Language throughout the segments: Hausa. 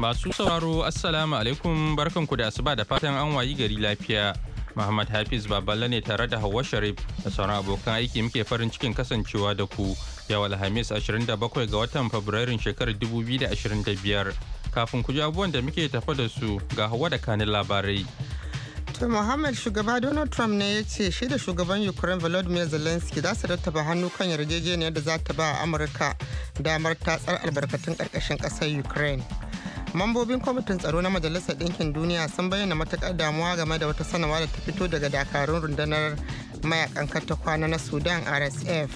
Masu sauraro Assalamu alaikum ku da asuba da fatan an wayi gari lafiya. Muhammad Hafiz Baballe ne tare da Hauwa Sharif da sauran abokan aiki muke farin cikin kasancewa da ku. Yau Alhamis 27 ga watan Fabrairun shekarar 2025. Kafin ku ji abubuwan da muke tafa da su ga Hauwa da kanin labarai. To Muhammad shugaba Donald Trump ne ya ce shi da shugaban Ukraine Volodymyr Zelensky za su rattaba hannu kan yarjejeniyar da za ta ba Amurka damar tatsar albarkatun ƙarƙashin ƙasar Ukraine. mambobin kwamitin tsaro na majalisar ɗinkin duniya sun bayyana matuƙar damuwa game da wata sanawa da ta fito daga dakarun rundunar mayakan kwana na sudan rsf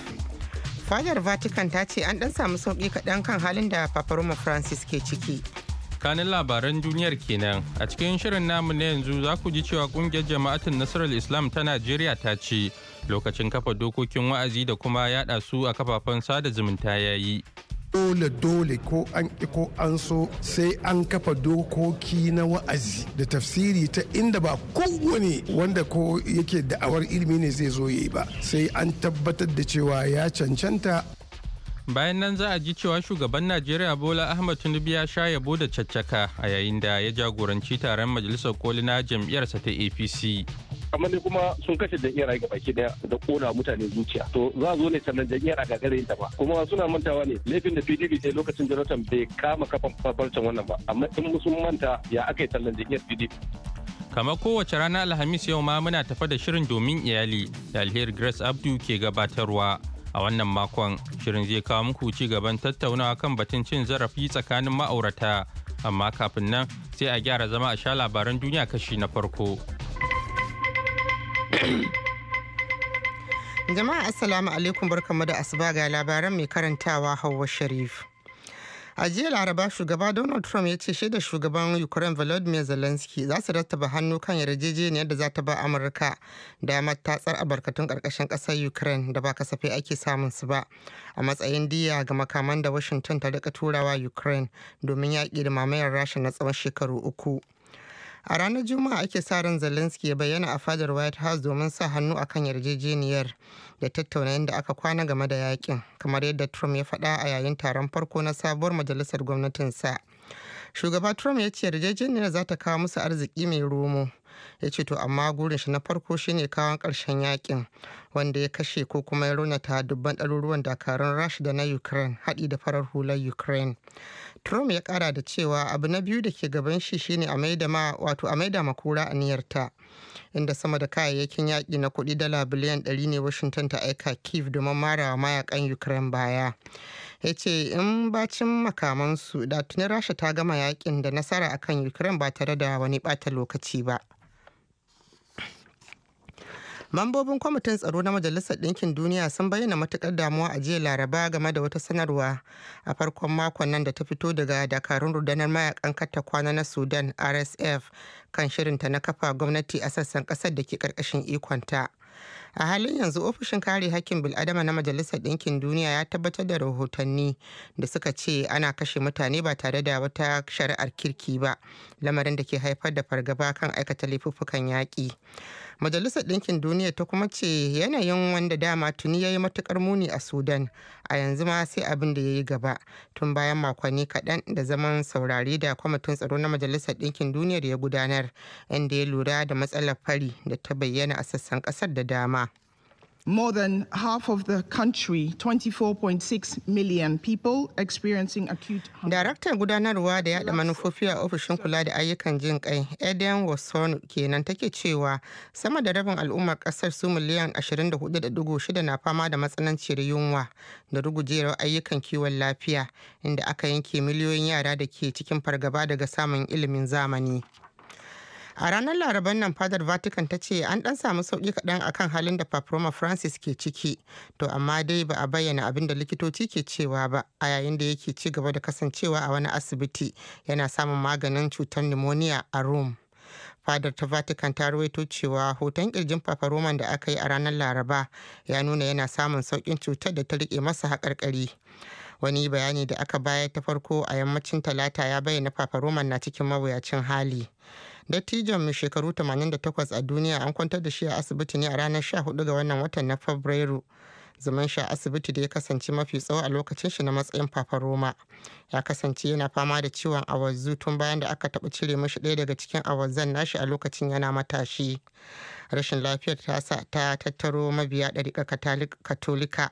fadar vatican ta ce an ɗan samu sauƙi kaɗan kan halin da roma francis ke ciki kanin labaran duniyar kenan a cikin shirin namu na yanzu za ku ji cewa ƙungiyar jama'atin nasarar islam ta najeriya ta ce lokacin kafa dokokin wa'azi da kuma yada su a kafafen sada zumunta ya yi dole dole ko an iko ko an so sai an kafa dokoki na wa'azi da tafsiri ta inda ba kowane wanda ko yake da'awar ilimi ne zai zo yi ba sai an tabbatar da cewa ya cancanta bayan nan za a ji cewa shugaban najeriya bola ahmad tinubu ya sha yabo da caccaka a yayin da ya jagoranci taron majalisar koli jam'iyyarsa ta apc amma ne kuma sun kashe iyara ga baki daya da kona mutane zuciya to za zo ne sannan iyara a gare ta ba kuma suna mantawa ne laifin da PDP sai lokacin Jonathan bai kama kafan farfarcen wannan ba amma in sun manta ya aka yi tallan jam'iyyar PDP kamar kowace rana alhamis yau ma muna tafa da shirin domin iyali da alheri grace abdu ke gabatarwa a wannan makon shirin zai kawo muku ci gaban tattaunawa kan batun cin zarafi tsakanin ma'aurata amma kafin nan sai a gyara zama a sha labaran duniya kashi na farko Jama'a Assalamu alaikum barkamu da asuba ga labaran mai karantawa Hauwa Sharif. A jiya Laraba shugaba Donald Trump ya ce shaida shugaban Ukraine Volodymyr Zelensky za su rattaba hannu kan yarjejeniyar da za ta ba Amurka damar tatsar albarkatun karkashin ƙasar Ukraine da ba kasafai ake samun su ba a matsayin diya ga makaman da Washington ta rika turawa Ukraine domin yaƙi da mamayar Rasha na tsawon shekaru uku. A ranar Juma'a ake sa ran Zelensky ya bayyana a fadar White House domin sa hannu akan yarjejeniyar da tattauna yadda aka kwana game da yakin, kamar yadda Trump ya faɗa a yayin taron farko na sabuwar majalisar gwamnatinsa. Shugaba Trump ya ce yarjejeniyar za ta kawo musu arziki mai romo. ya ce to amma gurin shi na farko shine kawon karshen yakin wanda ya kashe ko kuma ya raunata dubban ɗaruruwan dakarun rasha da na ukraine haɗi da farar hular ukraine Trump ya kara da cewa abu na biyu da ke gaban shi shine a maida ma wato a maida makura aniyarta inda sama da kayayyakin yaki na kuɗi dala biliyan ɗari ne Washington ta aika Kiev domin marawa mayakan Ukraine baya. ya ce in bacin makamansu da tuni rasha ta gama yakin da nasara akan ukraine ba tare da wani bata lokaci ba Mambobin kwamitin tsaro na Majalisar Ɗinkin Duniya sun bayyana matuƙar damuwa a jiya Laraba game da wata sanarwa a farkon makon nan da ta fito daga dakarun rudanar mayakan katta kwana na Sudan RSF kan shirinta na kafa gwamnati a sassan ƙasar da ke ƙarƙashin ikonta. a halin yanzu ofishin kare hakkin bil'adama na majalisar ɗinkin duniya ya tabbatar da rahotanni da suka ce ana kashe mutane ba tare da wata shari'ar kirki ba lamarin da ke haifar da fargaba kan aikata laifuffukan yaƙi majalisar ɗinkin duniya ta kuma ce yanayin wanda dama tuni ya yi matukar muni a sudan a yanzu ma sai abin da ya yi gaba tun bayan makonni kaɗan da zaman saurari da kwamitin tsaro na majalisar ɗinkin duniya da ya gudanar inda ya lura da matsalar fari da ta bayyana a sassan ƙasar da dama more than half of the country, 24.6 million people experiencing acute hunger. Daraktan gudanarwa da yada manufofi a ofishin kula da ayyukan jin kai, Eden Wasson kenan take cewa sama da rabin al'ummar kasar su miliyan 24.6 na fama da matsananciyar yunwa da rugujewar ayyukan kiwon lafiya inda aka yanke miliyoyin yara da ke cikin fargaba daga samun ilimin zamani. a ranar laraban nan fadar vatican ta ce an dan samu sauki kaɗan akan halin da roma francis ke ciki to amma dai ba a bayyana abin da likitoci ke cewa ba a yayin da yake ci gaba da kasancewa a wani asibiti yana samun maganin cutar pneumonia a rome fadar ta vatican ta ruwaito cewa hoton kirjin papa roman da aka yi a ranar laraba ya nuna yana samun saukin cutar da ta rike masa haƙarƙari wani bayani da aka bayar ta farko a yammacin talata ya bayyana papa roman na cikin mawuyacin hali Dattijon mai shekaru 88 a duniya an kwantar da shi a asibiti ne a ranar 14 ga wannan watan na Fabrairu. zaman shi a asibiti da ya kasance mafi tsawo a lokacin shi na matsayin Papa Roma. Ya kasance yana fama da ciwon awazu tun bayan da aka taɓa cire mashi ɗaya daga cikin awazan nashi a lokacin yana matashi. Rashin lafiyar ta sa ta tattaro mabiya ɗariƙa Katolika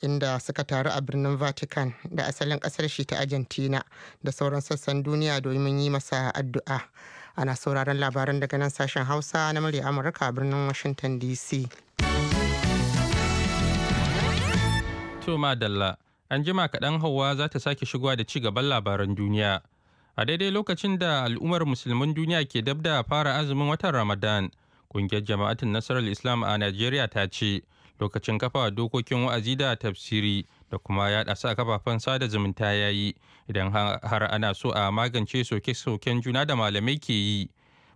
inda suka taru a birnin Vatican da asalin ƙasar shi ta Argentina da sauran sassan duniya domin yi masa addu'a. ana sauraron labaran daga nan sashen hausa na murya amurka birnin washington dc Tuma Dalla, an jima kaɗan Hauwa za ta sake shigowa da ci gaban labaran duniya. A daidai lokacin da al'ummar musulmin duniya ke dab da fara azumin watan Ramadan, ƙungiyar jama'atin nasarar Islam a Najeriya ta ce lokacin kafa dokokin wa'azi da tafsiri da kuma yaɗa su a kafafen sada zumunta ya yi idan har ana so a magance soke-soken juna da malamai ke yi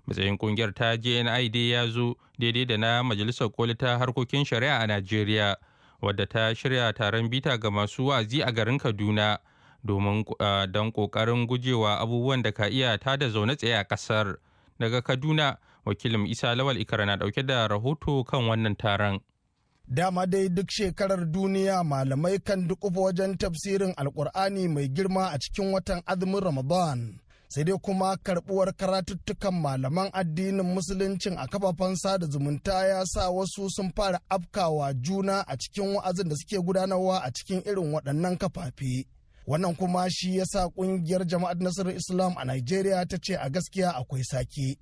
matsayin kungiyar ta jni dai ya zo daidai da na majalisar koli ta harkokin shari'a a najeriya wadda ta shirya taron bita ga masu wa'azi a garin kaduna domin don kokarin gujewa abubuwan da ka iya ta da zaune tsaye a kasar daga kaduna wakilin isa lawal ikara na dauke da rahoto kan wannan taron Dama dai duk shekarar duniya malamai kan dukufa wajen tafsirin alkur'ani mai girma a cikin watan azumin Ramadan. sai dai kuma karbuwar karatuttukan malaman addinin musuluncin a kafafen sada zumunta ya sa wasu sun fara afkawa juna a cikin wa'azin da suke gudanarwa a cikin irin waɗannan kafafe wannan kuma shi ya sa ƙungiyar jama'ar nasarar islam a Najeriya ta ce a gaskiya akwai sake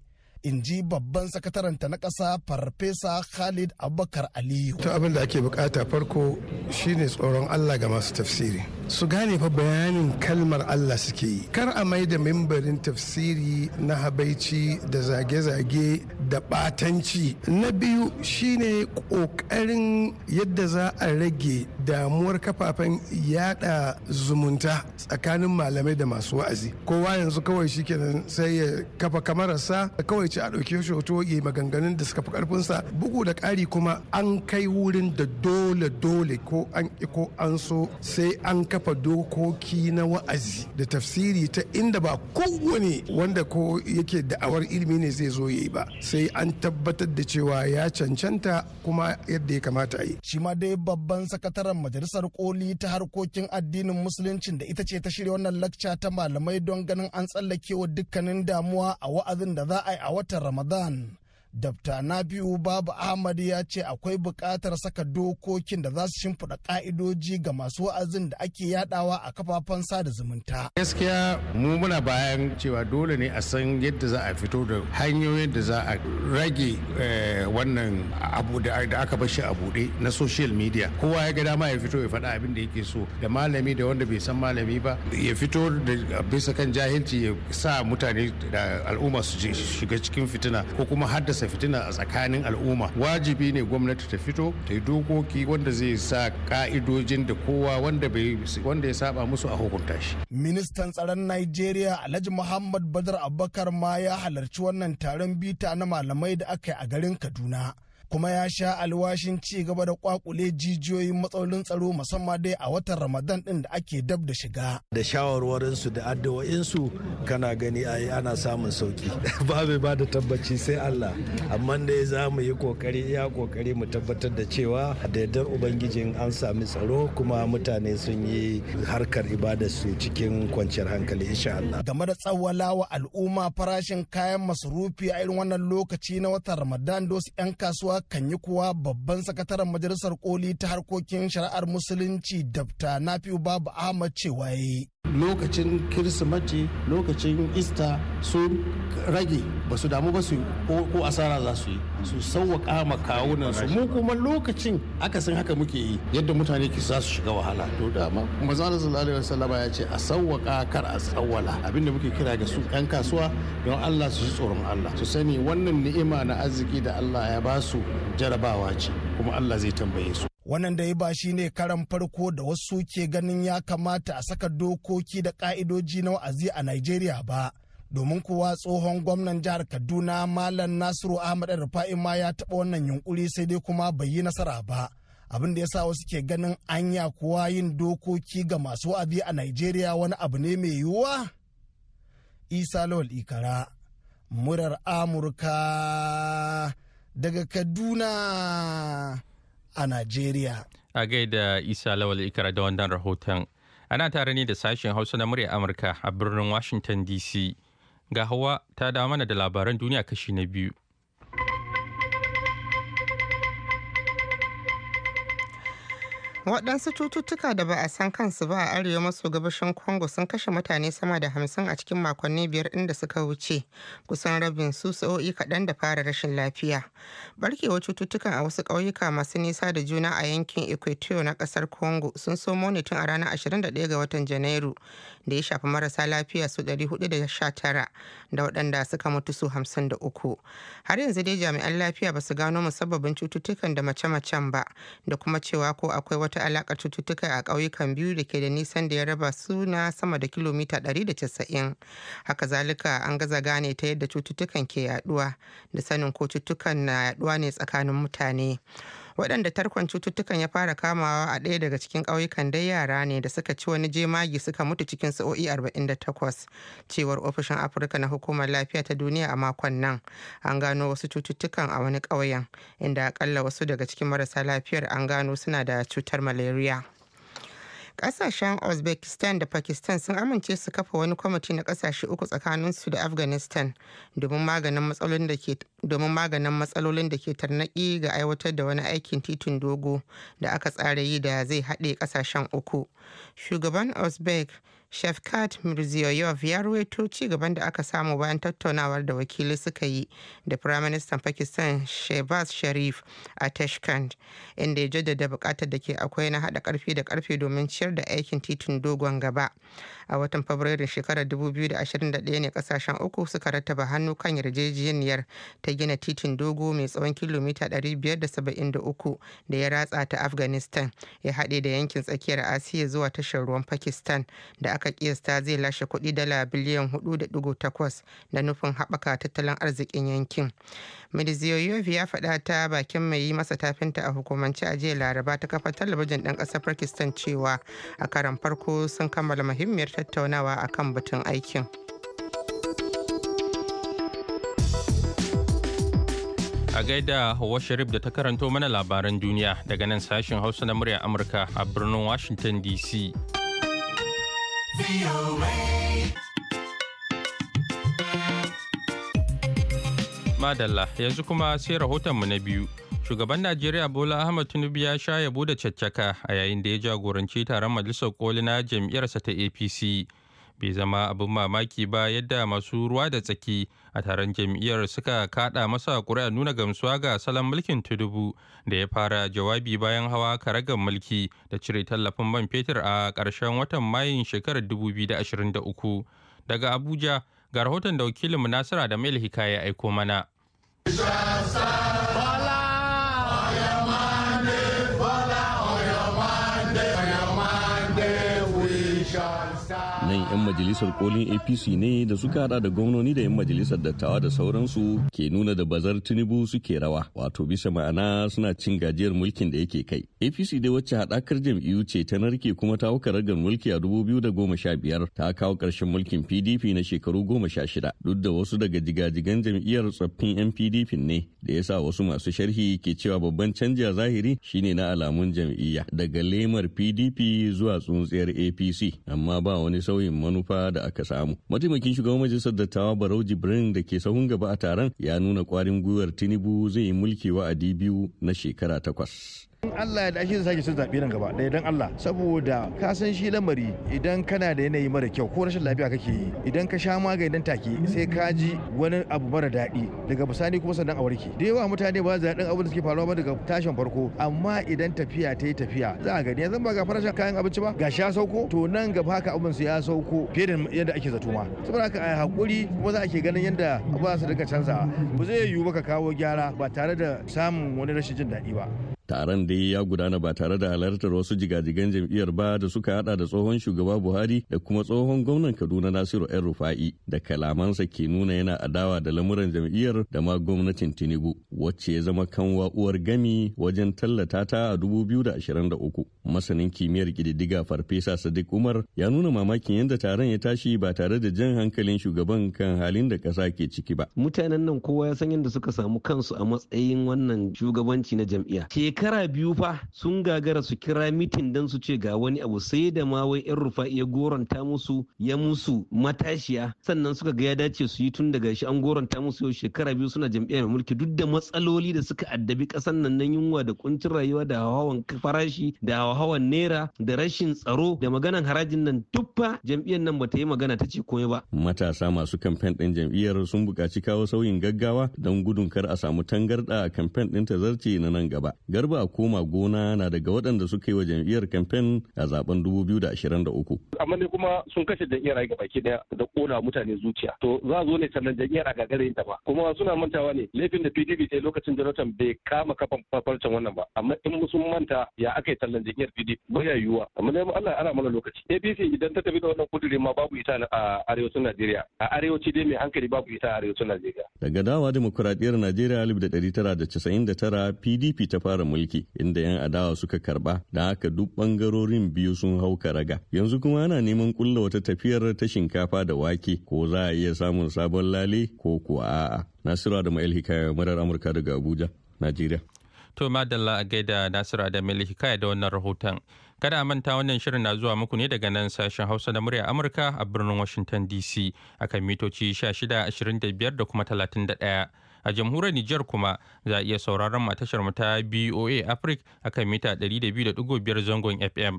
in ji babban sakataranta na ƙasa farfesa khalid abubakar aliyu ta abin da ake bukata farko shine tsoron allah ga masu tafsiri su gane fa bayanin kalmar allah suke yi kar a mai da mimbarin tafsiri na habaici da zage-zage da batanci na biyu shine ƙoƙarin yadda za a rage damuwar kafafen yada zumunta tsakanin malamai da masu wa'azi kowa yanzu kawai shikenan sai ya kafa kamararsa kawai buƙaci a ɗauke shi hoto ya maganganun da suka fi ƙarfinsa bugu da ƙari kuma an kai wurin da dole dole ko an ko an so sai an kafa dokoki na wa'azi da tafsiri ta inda ba kowane wanda ko yake da'awar ilimi ne zai zo yi ba sai an tabbatar da cewa ya cancanta kuma yadda ya kamata yi shi ma dai babban sakataren majalisar koli ta harkokin addinin musuluncin da ita ce ta shirya wannan lakca ta malamai don ganin an tsallakewa dukkanin damuwa a wa'azin da za a yi a a Ramadan Dabta na biyu Babu Ahmad ya ce akwai bukatar saka dokokin da za su shimfiɗa ƙa'idoji ga masu wa'azin da ake yadawa a kafafen sada zumunta. Gaskiya mu muna bayan cewa dole ne a san yadda za a fito da hanyoyin da za a rage eh, wannan abu da aka bashi a buɗe na social media. Kowa ya ga dama ya fito ya faɗa abin da yake so da malami da wanda bai san malami ba ya fito da bisa kan jahilci ya sa mutane da al'umma su shiga cikin fitina ko kuma haddasa haddasa fitina a tsakanin al'umma wajibi ne gwamnati ta fito ta yi dokoki wanda zai sa ka'idojin da kowa wanda bai wanda ya saba musu a hukunta shi ministan tsaron Najeriya Alhaji Muhammad Badar Abubakar ma ya halarci wannan taron bita na malamai da aka yi a garin Kaduna kuma ya sha alwashin ci gaba da kwakule jijiyoyin matsalolin tsaro musamman dai a watan ramadan din da ake dab da shiga da shawarwarinsu da addu'o'insu kana gani ai ana samun sauki ba mai ba da tabbaci sai allah amma dai za mu yi kokari iya kokari mu tabbatar da cewa da yardar ubangijin an sami tsaro kuma mutane sun yi harkar ibada ibadarsu cikin kwanciyar hankali insha allah game da tsawalawa al'umma farashin kayan masarufi a irin wannan lokaci na watan ramadan da 'yan kasuwa Kan yi kuwa babban sakataren majalisar koli ta harkokin shari'ar musulunci Dafta Nafi'u Babu Ahmad cewa yi. lokacin kirsimati lokacin ista sun rage ba su damu ba su ko asara za su yi su sauwaka ma kawunan su mu kuma lokacin aka san haka muke yi yadda mutane ki za su shiga wahala to dama manzo sallallahu alaihi wasallam ya ce a sauwaka kar a tsawwala abinda muke kira ga su yan kasuwa don Allah su ji tsoron Allah su sani wannan ni'ima na arziki da Allah ya ba su jarabawa ce kuma Allah zai tambaye su wannan da ya ba shi ne karan farko da wasu ke ganin ya kamata a saka dokoki da ka'idoji na wa'azi a Najeriya ba. Domin kuwa tsohon gwamnan jihar Kaduna Malam Nasiru Ahmad Rufa'i ma ya taɓa wannan yunkuri sai dai kuma bai yi nasara ba. Abin da ya sa wasu ke ganin anya kuwa yin dokoki ga masu wa'azi a Najeriya wani abu ne mai yiwuwa? Isa Lawal Ikara, murar Amurka daga Kaduna. a Najeriya. A gaida Isa Lawal Ikara da wannan rahoton. Ana tare ne da sashen Hausa na murya Amurka a birnin Washington DC. Ga hawa ta da mana da labaran duniya kashi na biyu. waɗansu cututtuka da ba a san kansu ba a arewa maso gabashin congo sun kashe mutane sama da hamsin a cikin makonni biyar inda suka wuce kusan rabin su sa'o'i kaɗan da fara rashin lafiya barkewa cututtukan a wasu ƙauyuka masu nisa da juna a yankin equatorial na ƙasar congo sun somo ne tun a ranar 21 ga watan janairu da ya shafi marasa lafiya su 419 da waɗanda suka mutu su 53 har yanzu dai jami'an lafiya ba su gano musabbabin cututtukan da mace-macen ba da kuma cewa ko akwai wata ta alakar cututtuka a ƙauyukan biyu da ke da nisan da ya raba su na sama da kilomita 190 haka zalika an gaza gane ta yadda cututtukan ke yaduwa da sanin ko cututtukan na yaduwa ne tsakanin mutane waɗanda tarkon cututtukan ya fara kamawa a ɗaya daga cikin ƙauyukan dai yara ne da suka ci wani jemagi suka mutu cikin sa'o'i 48 cewar ofishin afirka na hukumar lafiya ta duniya a makon nan an gano wasu cututtukan a wani ƙauyen inda akalla wasu daga cikin marasa lafiyar an gano suna da cutar malaria. kasashen Uzbekistan da Pakistan sun amince su kafa wani kwamiti na kasashe uku tsakanin su da Afghanistan domin maganin matsalolin da ke tarnaki ga aiwatar da wani aikin titin dogo da aka tsara yi da zai haɗe kasashen uku. Shugaban Uzbek Shafkat Mirziyoyev ya ruwaito ci gaban da aka samu bayan tattaunawar da wakili suka yi da Firaministan Pakistan Shehbaz Sharif a Tashkent, inda ya jaddada bukatar da ke akwai na haɗa karfi da karfe domin ciyar da aikin titin dogon gaba. A watan Fabrairun shekarar 2021 ne kasashen uku suka rattaba hannu kan yarjejeniyar ta gina titin dogo mai tsawon kilomita 573 da ya ratsa ta Afghanistan ya haɗe da yankin tsakiyar Asiya zuwa tashar ruwan Pakistan da aka aka kiyasta zai lashe kuɗi dala biliyan 4.8 da nufin haɓaka tattalin arzikin yankin. Mediziyoyovi ya faɗa ta bakin mai yi masa tafinta a hukumance a jiya laraba ta kafar talabijin ɗan ƙasar Pakistan cewa a karan farko sun kammala muhimmiyar tattaunawa a kan batun aikin. a gaida Hauwa Sharif da ta karanto mana labaran duniya daga nan sashin Hausa na murya Amurka a birnin Washington DC. Madalla yanzu kuma sai rahotonmu na biyu. Shugaban Najeriya Bola Ahmad Tinubu ya sha yabo da caccaka a yayin da ya jagoranci taron Majalisar Koli na jam'iyyarsa ta APC. bai zama abin mamaki ba yadda masu ruwa da tsaki a taron jam'iyyar suka kada masa ƙuri'a nuna gamsuwa ga salon mulkin tudubu da ya fara jawabi bayan hawa karagar mulki da cire tallafin man fetur a ƙarshen watan mayun shekarar 2023 daga abuja ga rahoton da wakilinmu nasira da mail hikaya aiko mana. 'yan majalisar kolin apc ne da suka hada da gwamnoni da 'yan majalisar dattawa da sauransu ke nuna da bazar tinubu suke rawa wato bisa ma'ana suna cin gajiyar mulkin da yake kai apc dai wacce haɗakar jam'iyyu ce ta narke kuma ta hauka ragar mulki a dubu biyu da goma sha biyar ta kawo karshen mulkin pdp na shekaru goma sha shida duk da wasu daga jigajigan jam'iyyar tsoffin 'yan pdp ne da ya sa wasu masu sharhi ke cewa babban canji a zahiri shine na alamun jam'iyya daga lemar pdp zuwa tsuntsiyar apc amma ba wani sauyin manufa da aka samu mataimakin shugaban majalisar dattawa barau jibrin da ke sahun gaba a taron ya nuna kwarin gwiwar tinubu zai yi mulki wa'adi biyu na shekara takwas in Allah ya dashi sake sun zabe nan gaba dai dan Allah saboda ka san shi lamari idan kana da yanayi mara kyau ko rashin lafiya kake yi idan ka sha magani dan take sai ka ji wani abu mara daɗi daga bisani kuma sannan a warke da yawa mutane ba za dan abin da suke faruwa ba daga tashin farko amma idan tafiya ta yi tafiya za a gani yanzu ba ga farashin kayan abinci ba ga sha sauko to nan gaba haka abin su ya sauko fiye da yadda ake zato ma saboda haka a hakuri kuma za a ke ganin yadda ba su ka canza ba zai yiwu ba ka kawo gyara ba tare da samun wani rashin jin daɗi ba taron dai ya gudana ba tare da halartar wasu jigajigan jam'iyyar ba da suka hada da tsohon shugaba buhari da kuma tsohon gwamnan kaduna nasiru yan rufa'i da kalamansa ke nuna yana adawa da lamuran jam'iyyar da ma gwamnatin tinubu wacce ya zama kan uwar gami wajen tallata ta a uku. masanin kimiyyar kididdiga farfesa sadiq umar ya nuna mamakin yadda taron ya tashi ba tare da jan hankalin shugaban kan halin da ƙasa ke ciki ba mutanen nan kowa ya san yadda suka samu kansu a matsayin wannan shugabanci na jam'iyya shekara biyu fa sun gagara su kira mitin don su ce ga wani abu sai da ma wai yan rufa ya goranta musu ya musu matashiya sannan suka ga ya dace su yi tun daga shi an goranta musu yau shekara biyu suna jam'iyyar mulki duk da matsaloli da suka addabi kasan nan na yunwa da kuncin rayuwa da hawan farashi da hawan naira da rashin tsaro da maganan harajin nan tuffa jam'iyyar nan bata yi magana ta ce komai ba. Matasa masu kamfen din jam'iyyar sun buƙaci kawo sauyin gaggawa don gudun kar a samu tangarɗa a kamfen ɗin zarce na nan gaba. biyar ba a koma gona na daga waɗanda suka yi wa jam'iyyar kamfen a zaben 2023. Amma ne kuma sun kashe jam'iyyar ga baki daya da kona mutane zuciya. To za zo ne sannan jam'iyyar a gagarin ta ba. Kuma suna mantawa ne laifin da PDP ta lokacin Jonathan bai kama kafan farfarcen wannan ba. Amma in sun manta ya aka yi tallan jam'iyyar PDP ba ya yiwuwa. Amma ne Allah ana mana lokaci. APC idan ta tafi da wannan kuduri ma babu ita a arewacin Najeriya. A arewaci dai mai hankali babu ita a arewacin Najeriya. Daga dawa demokuraɗiyar Najeriya da tara PDP ta fara mulki inda 'yan adawa suka karba da haka duk bangarorin biyu sun hau karaga yanzu kuma ana neman kulla wata tafiyar ta shinkafa da wake ko za a iya samun sabon lale ko kuwa a'a nasiru da ma'il hikaya murar amurka daga abuja najeriya to madalla a gaida nasiru da ma'il hikaya da wannan rahoton kada a manta wannan shirin na zuwa muku ne daga nan sashen hausa da murya amurka a birnin washington dc akan mitoci 16 25 da kuma 31 a jamhuriyar Nijar kuma za a iya sauraron matashar mu ta BOA Africa akan mita 102.5 zangon FM.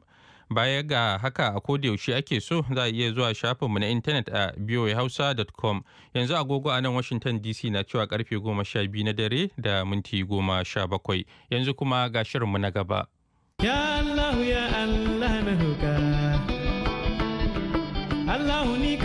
Baya ga haka a yaushe ake so za a iya zuwa shafin mu na intanet a boahausa.com yanzu agogo a nan Washington DC na cewa karfe 12 na dare da minti 17 yanzu kuma ga mu na gaba. Ya Allah ya Allah na Allah ni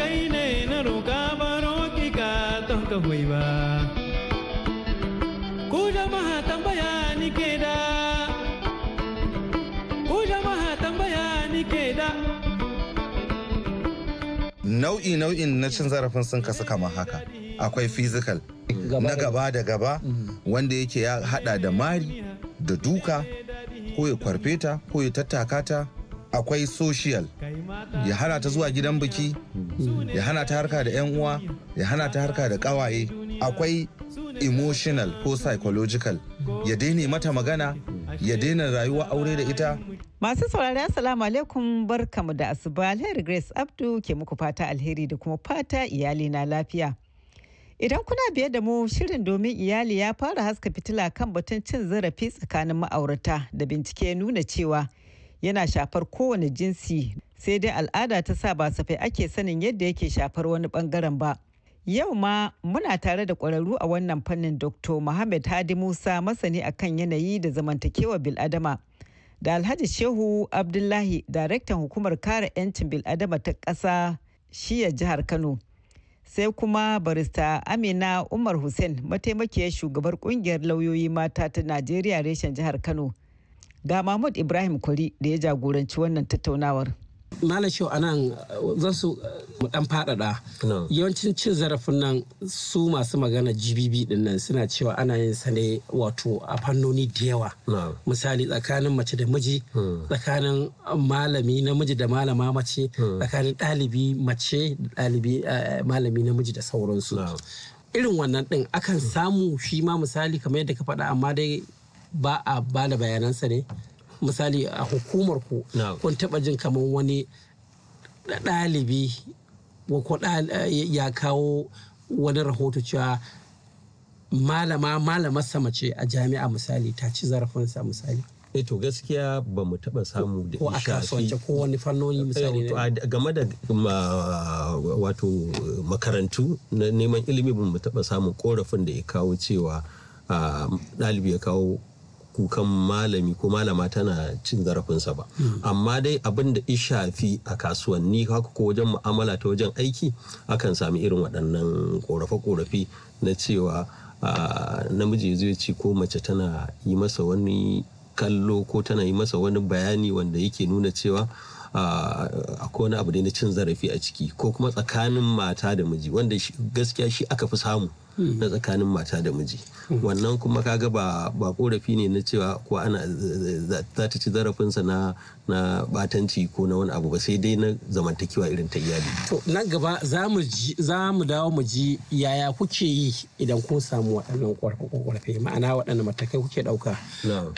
nau'i nau'in na cin zarafin sun kasu kamar haka akwai physical na gaba da gaba mhm. wanda yake ya hada da mari da duka ko ya kwarfe ta ko ya tattaka ta akwai social ya hana ta zuwa gidan biki mhm. ya hana ta harka da 'yan uwa ya hana ta harka da kawaye akwai emotional ko psychological ya daina mata magana ya daina rayuwa aure da ita Masu saurari Assalamu alaikum barkamu da asuba alheri Grace Abdu ke muku fata alheri da kuma fata iyali na lafiya. Idan kuna biye da mu shirin domin iyali ya fara haska fitila kan batun cin zarafi tsakanin ma'aurata da bincike nuna cewa yana shafar kowane jinsi sai dai al'ada ta sa ba safai ake sanin yadda yake shafar wani bangaren ba. Yau ma muna tare da ƙwararru a wannan fannin Dr. Muhammad Hadi Musa masani akan yanayi da zamantakewa bil'adama. da Alhaji Shehu Abdullahi, daraktan hukumar kare 'yancin bil'adama ta ƙasa shiya jihar Kano. Sai kuma barista Amina Umar Hussein mataimakiyar shugabar kungiyar lauyoyi mata ta Najeriya reshen jihar Kano. Ga Mahmud Ibrahim Kwari da ya jagoranci wannan tattaunawar. shi a nan zan su ɗan faɗaɗa yawancin cin zarafin nan su masu magana gbb din nan suna cewa ana yin sa ne wato a fannoni da yawa misali tsakanin mace da miji hmm. tsakanin malami namiji da malama mace hmm. tsakanin ɗalibi mace da ɗalibi eh, malami namiji da sauransu irin wannan ɗin akan samu shi ma misali kamar yadda ka faɗa amma dai ba a ba da bayanansa ne misali a hukumar ku kun taba jin kamar wani dalibi ko eh, ya kawo wani rahoto cewa malama malamar sama ce a jami'a misali ta ci zarafinsa misali eh to gaskiya ba mu taɓa samu da ko a kasuwanci ko wani fannoni eh, misali game da wato makarantu na neman ilimi ba mu taɓa samun korafin da ya kawo cewa ah, ɗalibi ya kawo kukan malami ko malama tana cin zarafinsa ba hmm. amma dai abin da ya shafi a kasuwanni haka ko wajen mu'amala ta wajen aiki akan sami irin waɗannan ƙorafe-ƙorafe na cewa namiji zai ce ko mace tana yi masa wani kallo ko tana yi masa wani bayani wanda yake nuna cewa akwai wani abu da na cin zarafi a ciki ko kuma tsakanin mata da miji wanda gaskiya shi aka fi samu na tsakanin mata da miji wannan kuma kaga ba ba korafi ne na cewa ko ana za ta ci zarafinsa na na batanci ko na wani abu ba sai dai na zamantakewa irin ta iyali to nan gaba za mu za mu dawo mu ji yaya kuke yi idan kun samu waɗannan korafe ma'ana waɗannan matakai kuke ɗauka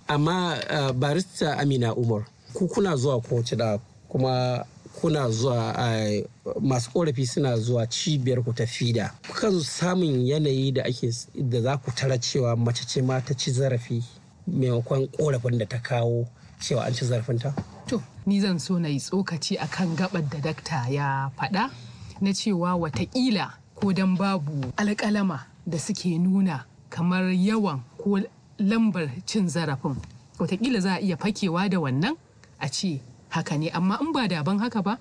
amma eh, barista amina umar ku kuna zuwa kowace da kuma kuna zuwa eh, masu korafi suna zuwa cibiyar ku ta fida Kan samun yanayi da ake da za ku tara cewa mace ce ma ta ci zarafi maimakon korafin da ta kawo cewa an ci zarafinta? To, ni zan so na yi tsokaci a kan gabar da dakta ya faɗa na cewa watakila ko don babu alƙalama da suke nuna kamar yawan ko lambar cin zarafin. Watakila za a iya fakewa da wannan a ce haka ne amma in ba daban haka ba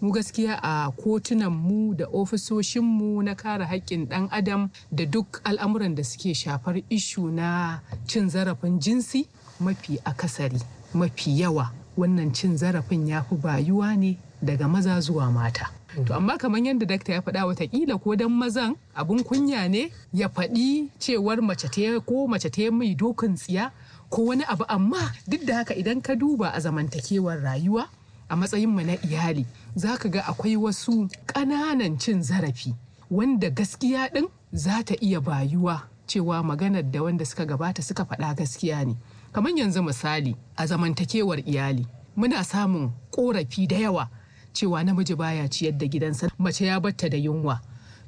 mu gaskiya a kotunan mu da ofisoshin mu na kare haƙƙin ɗan adam da duk al'amuran da suke shafar ishu na cin zarafin jinsi mafi akasari mafi yawa wannan cin zarafin ya fi bayuwa ne daga maza zuwa mata to amma kamar yadda dakta ya faɗa watakila ko dan mazan abun kunya ne ya faɗi cewar mace ta ko mace ta mai dokin tsiya ko wani abu amma duk da haka idan ka duba a zamantakewar rayuwa a matsayinmu na iyali za ka ga akwai wasu ƙananan cin zarafi wanda gaskiya ɗin za ta iya bayuwa cewa maganar da wanda suka gabata suka faɗa gaskiya ne kamar yanzu misali a zamantakewar iyali muna samun ƙorafi da yawa cewa namiji baya ciyar da gidansa mace ya batta da yunwa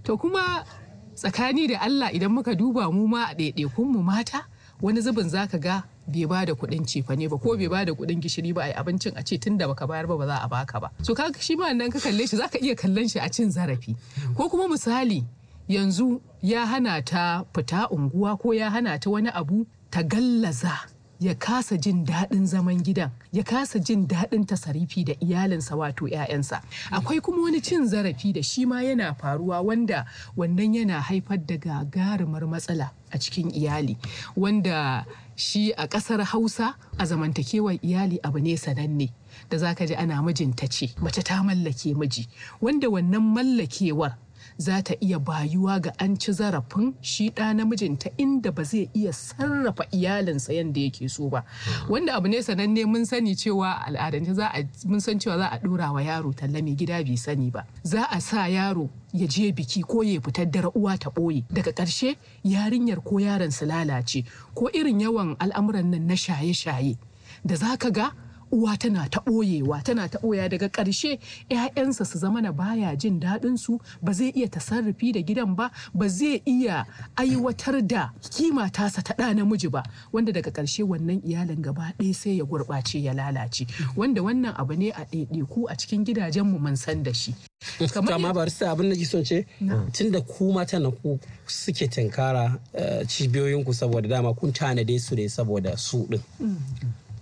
to kuma tsakani da allah idan muka duba mu ma a ɗaiɗaikunmu mata wani zubin zaka ga bai ba da kuɗin cefane ba ko bai ba da kuɗin gishiri ba a yi abincin a ce tun da baka bayar ba ba za a baka ba so kaga shi ma nan ka kalle shi ka iya kallon shi a cin zarafi ko kuma misali yanzu ya hana ta fita unguwa ko ya hana ta wani abu ta gallaza ya kasa jin daɗin zaman gidan ya kasa jin daɗin tasarifi da iyalinsa wato 'ya'yansa akwai kuma wani cin zarafi da shi ma yana faruwa wanda wannan yana haifar da gagarumar matsala a cikin iyali wanda shi a ƙasar hausa a zamantakewar iyali abu ne sananne da zaka ji ana mijinta ce mace ta mallake miji wanda wannan mallakewar za ta iya bayuwa ga an ci zarafin shi ɗa namijinta inda ba zai iya sarrafa iyalinsa yadda yake so ba hmm. wanda abu ne sananne mun sani cewa al'adance za a mun san cewa za a ɗora wa yaro talla mai gida bai sani ba za a sa yaro ya je biki ko ya fitar dare uwa ta ɓoye daga ƙarshe yarinyar ko yaron su lalace ko irin yawan al'amuran nan na shaye-shaye da za ka ga uwa tana ta ɓoyewa tana ta ɓoya daga ƙarshe 'ya'yansa su zama na baya jin daɗin su ba zai iya tasarrufi da gidan ba ba zai iya aiwatar da kima tasa ta ɗa namiji ba wanda daga ƙarshe wannan iyalin gaba ɗaya sai ya gurɓace ya lalace wanda wannan abu ne a ɗaiɗaiku a cikin gidajenmu mun san da shi kama ba rista abin da gison ce tun da ku mata na ku suke tinkara eh, cibiyoyinku saboda dama kun tanade su ne saboda su ɗin mm.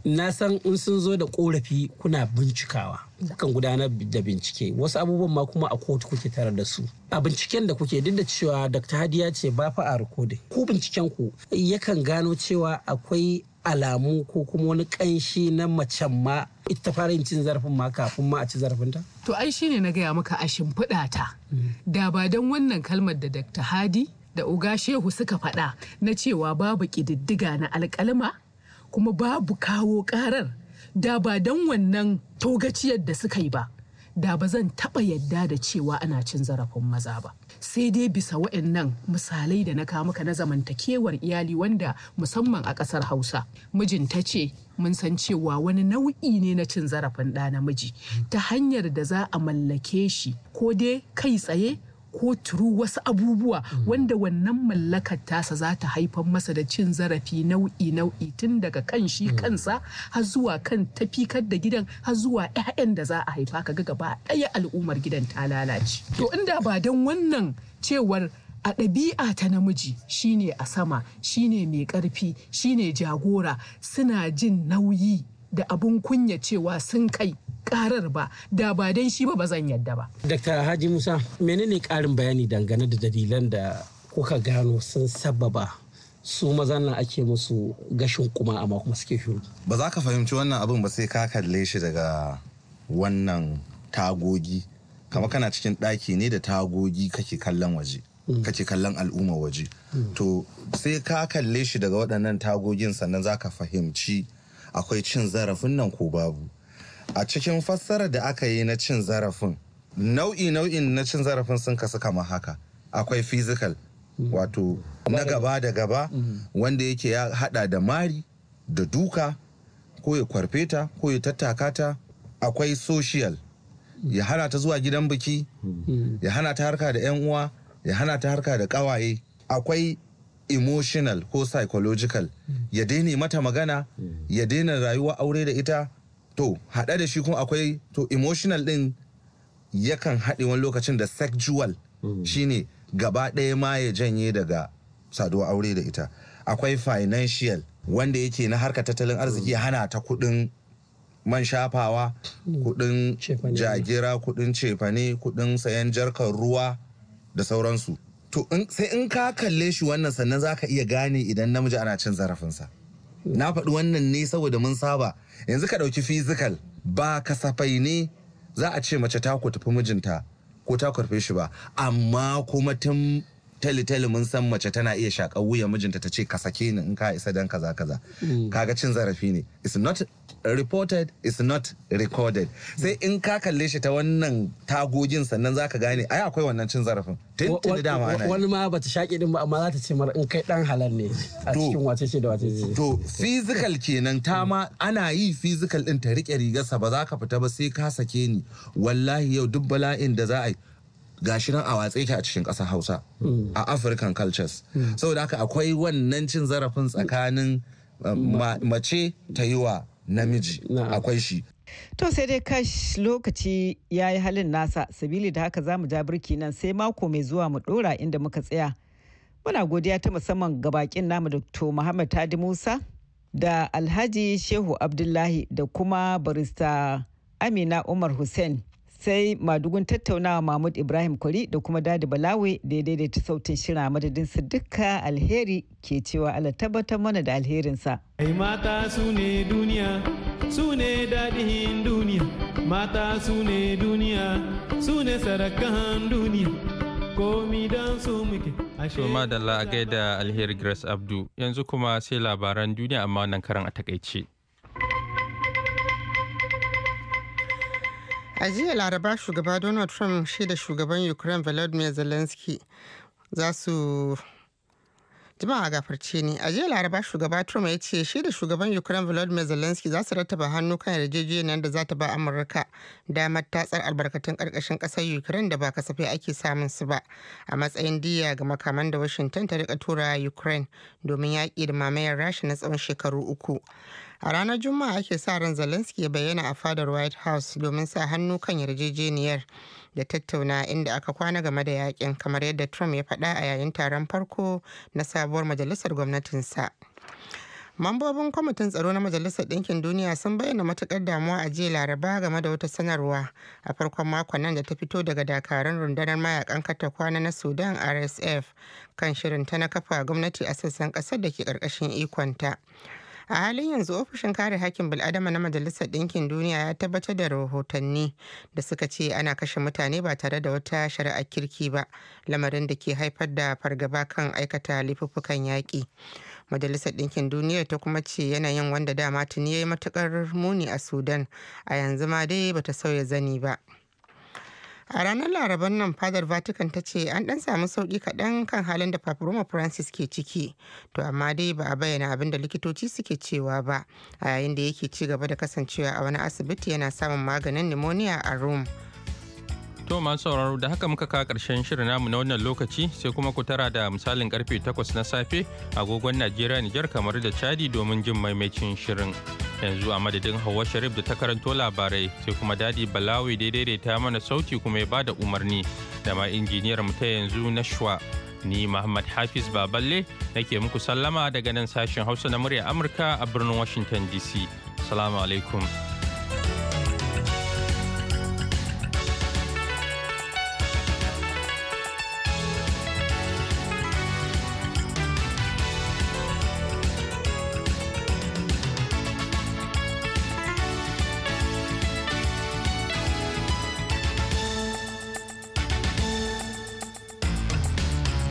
na san in sun zo da korafi kuna bincikawa kukan gudanar da bincike wasu abubuwan ma kuma a kotu kuke tare da su a binciken da kuke duk da cewa dr Hadi ya ce ba fa a rikodin ku binciken ku yakan gano cewa akwai alamu ko kuma wani kanshi na macen ma ita fara yin cin zarafin ma kafin ma a ci zarafinta? To ai shine na gaya maka a shimfiɗa ta. Mm. Da ba don wannan kalmar da Dr. Hadi da Uga Shehu suka faɗa na cewa babu ƙididdiga na alƙalma kuma babu kawo karar da ba don wannan togaciyar da suka yi ba da ba zan taɓa yadda da cewa ana cin zarafin maza ba sai dai bisa wa'annan misalai da na kama ka na zamantakewar iyali wanda musamman a ƙasar hausa mijin ta ce mun san cewa wani nau'i ne na cin zarafin ɗa namiji ta hanyar da za a mallake shi ko dai kai tsaye ko turu wasu abubuwa mm. wanda wannan mallakar tasa za ta haifar masa da cin zarafi nau'i nau'i tun daga kan shi mm. kansa har zuwa kan tafikar da gidan har zuwa 'ya'yan da za a haifa ka ga gaba ɗaya al'ummar gidan ta lalace to inda ba don wannan cewar a ɗabi'a ta namiji shine a sama shine mai ƙarfi shine jagora suna jin nauyi da abun kunya cewa sun kai karar ba da ba dan shi ba ba zan yadda ba. Dr. Haji Musa menene karin bayani dangane da dalilan da kuka gano sun sababa su mazan nan ake musu gashin kuma amma kuma suke shiru. Ba za ka fahimci wannan abin ba sai ka kalle shi daga wannan tagogi kama kana cikin ɗaki ne da tagogi kake kallon waje. Mm. kake kallon al'umma waje to sai ka kalle shi daga waɗannan tagogin sannan za ka fahimci akwai cin zarafin nan ko babu a cikin fassara da aka yi na cin zarafin nau'i nau'in na cin zarafin sun kasu kamar haka akwai physical mm. wato na gaba da gaba mm. wanda yake ya hada da mari da duka ko ya kwarfeta ko ya tattakata akwai social mm. ya hana ta zuwa gidan biki ya hana ta harka da 'yan uwa ya hana ta harka da kawaye akwai emotional ko psychological mm. ya daina mata magana mm. ya daina rayuwa aure da ita to haɗa da shi kuma akwai to emotional ɗin yakan haɗe wani lokacin da sexual mm. shine gaba ɗaya ma ya janye daga saduwa aure da ita akwai financial wanda yake na harka tattalin arziki hana ta kuɗin man shafawa kuɗin jagira kuɗin cefane kuɗin sayan jarkar ruwa da sauransu to sai in ka kalle shi wannan sannan za ka iya gane idan namiji ana cin zarafinsa na faɗi wannan ne saboda mun saba yanzu ka ɗauki fizikal. ba kasafai ne za a ce mace ta kutufi mijinta ko ta kurfe shi ba amma kuma tun talitali mun san mace tana iya shaƙar wuya mijinta ta ce ka sake ni in ka isa dan kaza kaza mm. kaga cin zarafi ne it's not reported is not recorded sai in ka kalle shi ta wannan tagogin sannan zaka gane ai akwai wannan cin zarafin tuntun dama ana wani ma bata shaƙi din ba amma za ta ce mara in kai dan halal ne a cikin wace ce da wace ce to physical kenan ta ma ana yi physical din ta rike rigarsa ba za ka fita ba sai ka sake ni wallahi yau duk bala'in da za a yi gashi nan a watsa yake a cikin ƙasar Hausa hmm. a African cultures hmm. saboda haka akwai wannan cin zarafin tsakanin eh, mace ta yi wa namiji akwai shi To sai dai kash lokaci ya yi halin nasa, sabili da haka za mu ja birki nan sai mako mai zuwa mu dora inda muka tsaya. Muna godiya ta musamman ga bakin namu Dr. Muhammad Tadi Musa da Alhaji Shehu Abdullahi da kuma barista Amina Umar Hussein sai madugun tattaunawa mahmud ibrahim kwari da kuma dadi balawe da ya daidaita sautin shira madadin su dukka alheri ke cewa ala tabbatar mana da alherinsa ai mata su ne duniya su ne dadihin duniya mata su ne duniya su ne sarakan duniya komi don su muke ashe a gaida alheri grace abdu yanzu kuma sai labaran duniya amma nan karan a takaice a jiya laraba shugaba donald trump shi da shugaban ukraine volodymyr zelensky za su jima'a gafarce ne a jiya laraba shugaba trump ya ce shi da shugaban ukraine volodymyr zelensky za su rattaba hannu kan yarjejeniyar da za ta ba amurka damar tatsar albarkatun karkashin kasar ukraine da ba kasafai ake samun su ba a matsayin diya ga makaman da washington ta rika tura ukraine domin yaƙi da mamayar rasha na tsawon shekaru uku A ranar Juma'a ake sa ran Zelensky ya bayyana a fadar White House domin sa hannu kan yarjejeniyar da tattauna inda aka kwana game da yakin kamar yadda Trump ya faɗa a yayin taron farko na sabuwar majalisar gwamnatinsa. Mambobin kwamitin tsaro na Majalisar Ɗinkin Duniya sun bayyana matuƙar damuwa a jiya Laraba game da wata sanarwa a farkon makon nan da ta fito daga dakarun rundunar mayakan katakwana na Sudan RSF kan shirin ta na kafa gwamnati a sassan ƙasar da ke ƙarƙashin ikonta. a halin yanzu ofishin kare hakkin bil'adama na majalisar ɗinkin duniya ya tabbatar da rahotanni da suka ce ana kashe mutane ba tare da wata shari'ar kirki ba lamarin da ke haifar da fargaba kan aikata laifuffukan yaƙi majalisar ɗinkin duniya ta kuma ce yanayin wanda dama tuni ya yi matuƙar muni a sudan a yanzu ma dai bata sauya zani ba. A ranar Laraban nan fadar Vatican ta ce an dan samu sauki kaɗan kan halin da Papa Roma Francis ke ciki, to amma dai ba a bayyana abin da likitoci suke cewa ba, a yayin da yake ci gaba da kasancewa a wani asibiti yana samun maganin pneumonia a Rome. To masu sauraro da haka muka kawo karshen shirin namu na wannan lokaci sai kuma ku tara da misalin karfe 8 na safe agogon Najeriya Nijar kamar da Chadi domin jin maimacin shirin. Yanzu a madadin Hauwa Sharif da ta karanto labarai sai kuma Dadi Balawi daidai ta mana sauti kuma ya bada umarni da ma injiniyar mu ta yanzu na Shwa. Ni Muhammad Hafiz Baballe nake muku sallama daga nan sashen Hausa na murya Amurka a birnin Washington DC. Assalamu alaikum.